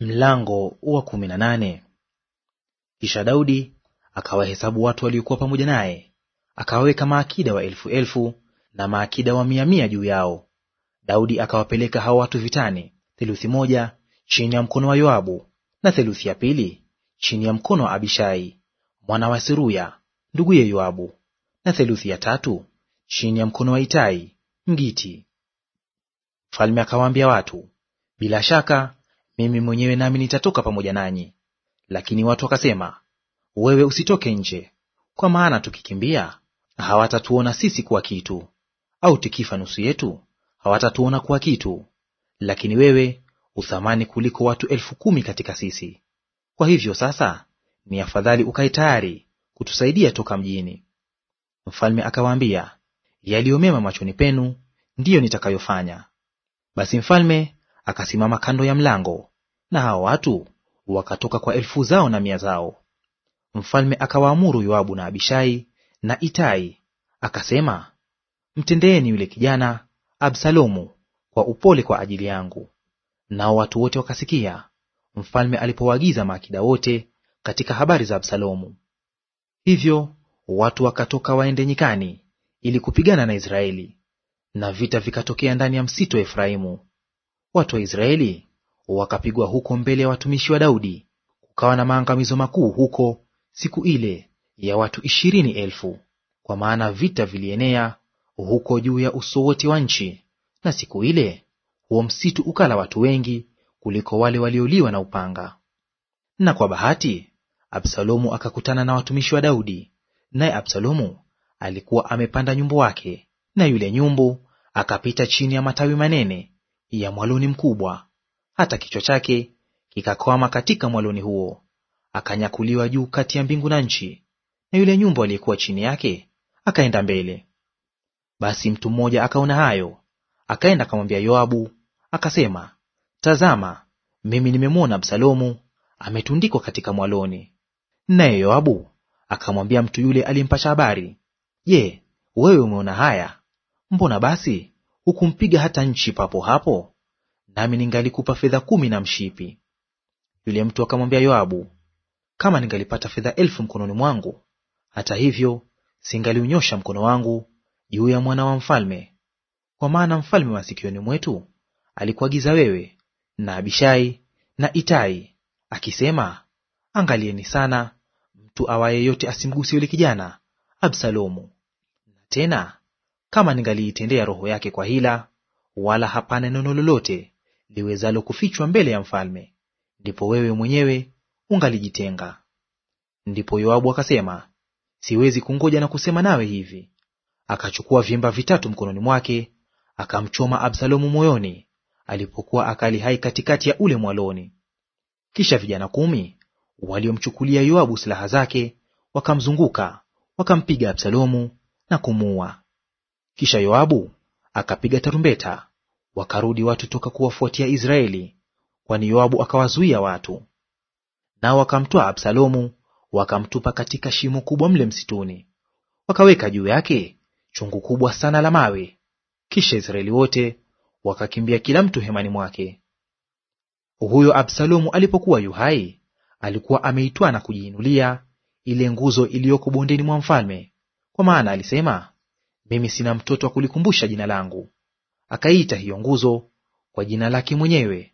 Mlango wa kumi na nane. Kisha Daudi akawahesabu watu waliokuwa pamoja naye, akawaweka maakida wa elfu elfu na maakida wa mia mia juu yao. Daudi akawapeleka hao watu vitani, theluthi moja chini ya mkono wa Yoabu na theluthi ya pili chini ya mkono wa Abishai mwana wa Seruya nduguye Yoabu na theluthi ya tatu chini ya mkono wa Itai Mgiti. Mfalme akawaambia watu, bila shaka mimi mwenyewe nami nitatoka pamoja nanyi. Lakini watu wakasema, wewe usitoke nje, kwa maana tukikimbia hawatatuona sisi kuwa kitu, au tukifa nusu yetu hawatatuona kuwa kitu, lakini wewe uthamani kuliko watu elfu kumi katika sisi. Kwa hivyo sasa ni afadhali ukae tayari kutusaidia toka mjini. Mfalme akawaambia, yaliyo mema machoni penu ndiyo nitakayofanya. Basi mfalme akasimama kando ya mlango na hao watu wakatoka kwa elfu zao na mia zao. Mfalme akawaamuru Yoabu na Abishai na Itai akasema, mtendeeni yule kijana Absalomu kwa upole kwa ajili yangu. Nao watu wote wakasikia mfalme alipowaagiza maakida wote katika habari za Absalomu. Hivyo watu wakatoka waende nyikani ili kupigana na Israeli, na vita vikatokea ndani ya msitu wa Efraimu. Watu wa Israeli wakapigwa huko mbele ya watumishi wa Daudi, kukawa na maangamizo makuu huko siku ile ya watu ishirini elfu, kwa maana vita vilienea huko juu ya uso wote wa nchi, na siku ile huo msitu ukala watu wengi kuliko wale walioliwa na upanga. Na kwa bahati Absalomu akakutana na watumishi wa Daudi, naye Absalomu alikuwa amepanda nyumbu wake, na yule nyumbu akapita chini ya matawi manene ya mwaloni mkubwa hata kichwa chake kikakwama katika mwaloni huo, akanyakuliwa juu kati ya mbingu na nchi, na yule nyumbu aliyekuwa chini yake akaenda mbele. Basi mtu mmoja akaona hayo, akaenda akamwambia Yoabu akasema, tazama, mimi nimemwona Absalomu ametundikwa katika mwaloni. Naye Yoabu akamwambia mtu yule alimpasha habari, Je, wewe umeona haya? Mbona basi hukumpiga hata nchi papo hapo? nami ningalikupa fedha kumi na mshipi. Yule mtu akamwambia Yoabu, kama ningalipata fedha elfu mkononi mwangu, hata hivyo singaliunyosha mkono wangu juu ya mwana wa mfalme, kwa maana mfalme masikioni mwetu alikuagiza wewe na Abishai na Itai akisema, angalieni sana mtu awaye yote asimguse yule kijana Absalomu. Na tena kama ningaliitendea roho yake kwa hila, wala hapana neno lolote liwezalo kufichwa mbele ya mfalme, ndipo wewe mwenyewe ungalijitenga. Ndipo Yoabu akasema, siwezi kungoja na kusema nawe hivi. Akachukua vyimba vitatu mkononi mwake, akamchoma Absalomu moyoni alipokuwa akali hai katikati ya ule mwaloni. Kisha vijana kumi waliomchukulia Yoabu silaha zake wakamzunguka, wakampiga Absalomu na kumuua. Kisha Yoabu akapiga tarumbeta wakarudi watu toka kuwafuatia Israeli, kwani Yoabu akawazuia watu. Nao wakamtwaa Absalomu wakamtupa katika shimo kubwa mle msituni, wakaweka juu yake chungu kubwa sana la mawe. Kisha Israeli wote wakakimbia kila mtu hemani mwake. Huyo Absalomu alipokuwa yuhai, alikuwa ameitwa na kujiinulia ile nguzo iliyoko bondeni mwa mfalme, kwa maana alisema, mimi sina mtoto wa kulikumbusha jina langu. Akaiita hiyo nguzo kwa jina lake mwenyewe,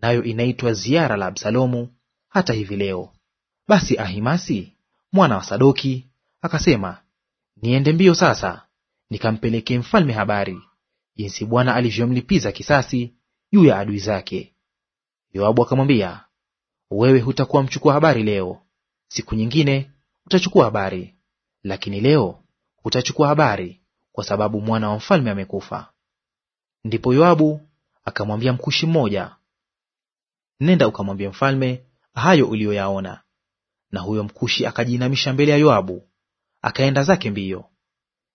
nayo inaitwa ziara la Absalomu hata hivi leo. Basi Ahimasi mwana wa Sadoki akasema, niende mbio sasa nikampelekee mfalme habari jinsi Bwana alivyomlipiza kisasi juu ya adui zake. Yoabu akamwambia, wewe hutakuwa mchukua habari leo, siku nyingine utachukua habari, lakini leo hutachukua habari, kwa sababu mwana wa mfalme amekufa. Ndipo Yoabu akamwambia Mkushi mmoja, nenda ukamwambia mfalme hayo uliyoyaona. Na huyo Mkushi akajiinamisha mbele ya Yoabu, akaenda zake mbio.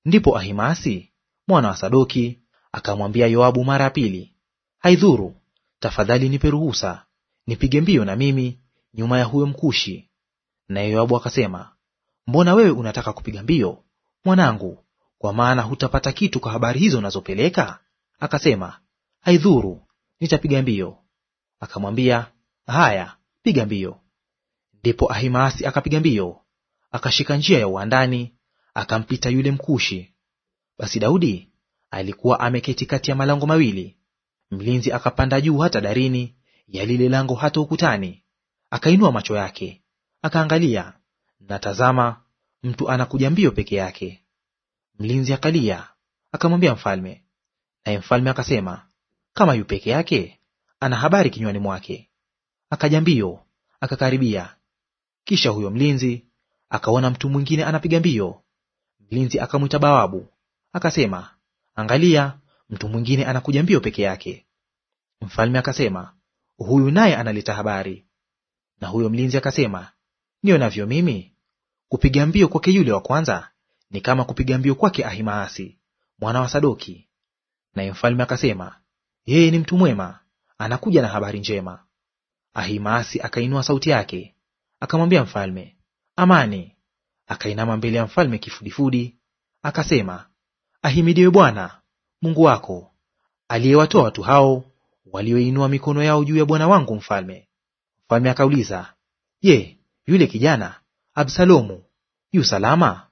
Ndipo Ahimaasi mwana wa Sadoki akamwambia Yoabu mara ya pili, haidhuru, tafadhali nipe ruhusa nipige mbio na mimi nyuma ya huyo Mkushi. Naye Yoabu akasema, mbona wewe unataka kupiga mbio, mwanangu? Kwa maana hutapata kitu kwa habari hizo unazopeleka. Akasema, aidhuru, nitapiga mbio. Akamwambia, haya, piga mbio. Ndipo Ahimaasi akapiga mbio, akashika njia ya uandani akampita yule Mkushi. Basi Daudi alikuwa ameketi kati ya malango mawili, mlinzi akapanda juu hata darini ya lile lango hata ukutani, akainua macho yake akaangalia, na tazama, mtu anakuja mbio peke yake. Mlinzi akalia akamwambia mfalme, Naye mfalme akasema, kama yu peke yake, ana habari kinywani mwake. Akaja mbio akakaribia. Kisha huyo mlinzi akaona mtu mwingine anapiga mbio. Mlinzi akamwita bawabu, akasema, angalia, mtu mwingine anakuja mbio peke yake. Mfalme akasema, huyu naye analeta habari. Na huyo mlinzi akasema, nionavyo mimi, kupiga mbio kwake yule wa kwanza ni kama kupiga mbio kwake Ahimaasi mwana wa Sadoki, Naye mfalme akasema, yeye ni mtu mwema, anakuja na habari njema. Ahimaasi akainua sauti yake akamwambia mfalme, amani. Akainama mbele ya mfalme kifudifudi, akasema, ahimidiwe Bwana Mungu wako aliyewatoa watu hao walioinua mikono yao juu ya bwana wangu mfalme. Mfalme akauliza, je, yule kijana Absalomu yu salama?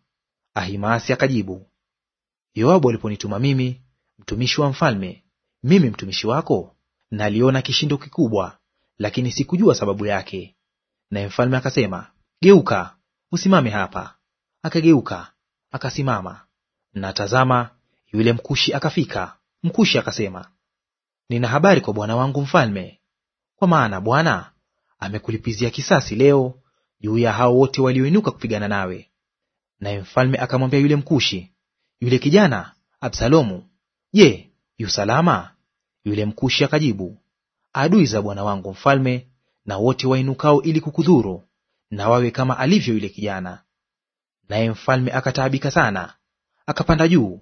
Ahimaasi akajibu, Yoabu aliponituma mimi Mtumishi wa mfalme, mimi mtumishi wako, naliona kishindo kikubwa, lakini sikujua sababu yake. Naye mfalme akasema, Geuka, usimame hapa. Akageuka akasimama, na tazama, yule Mkushi akafika. Mkushi akasema, nina habari kwa bwana wangu mfalme, kwa maana Bwana amekulipizia kisasi leo juu ya hao wote walioinuka kupigana nawe. Naye mfalme akamwambia yule Mkushi, yule kijana Absalomu Je, yu salama? Yule Mkushi akajibu, adui za bwana wangu mfalme na wote wainukao ili kukudhuru na wawe kama alivyo yule kijana. Naye mfalme akataabika sana, akapanda juu,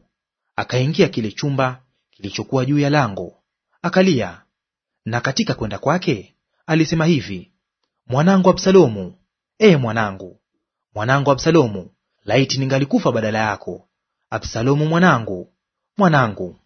akaingia kile chumba kilichokuwa juu ya lango, akalia. Na katika kwenda kwake alisema hivi, mwanangu Absalomu, e mwanangu, mwanangu Absalomu, laiti ningalikufa badala yako! Absalomu mwanangu, mwanangu!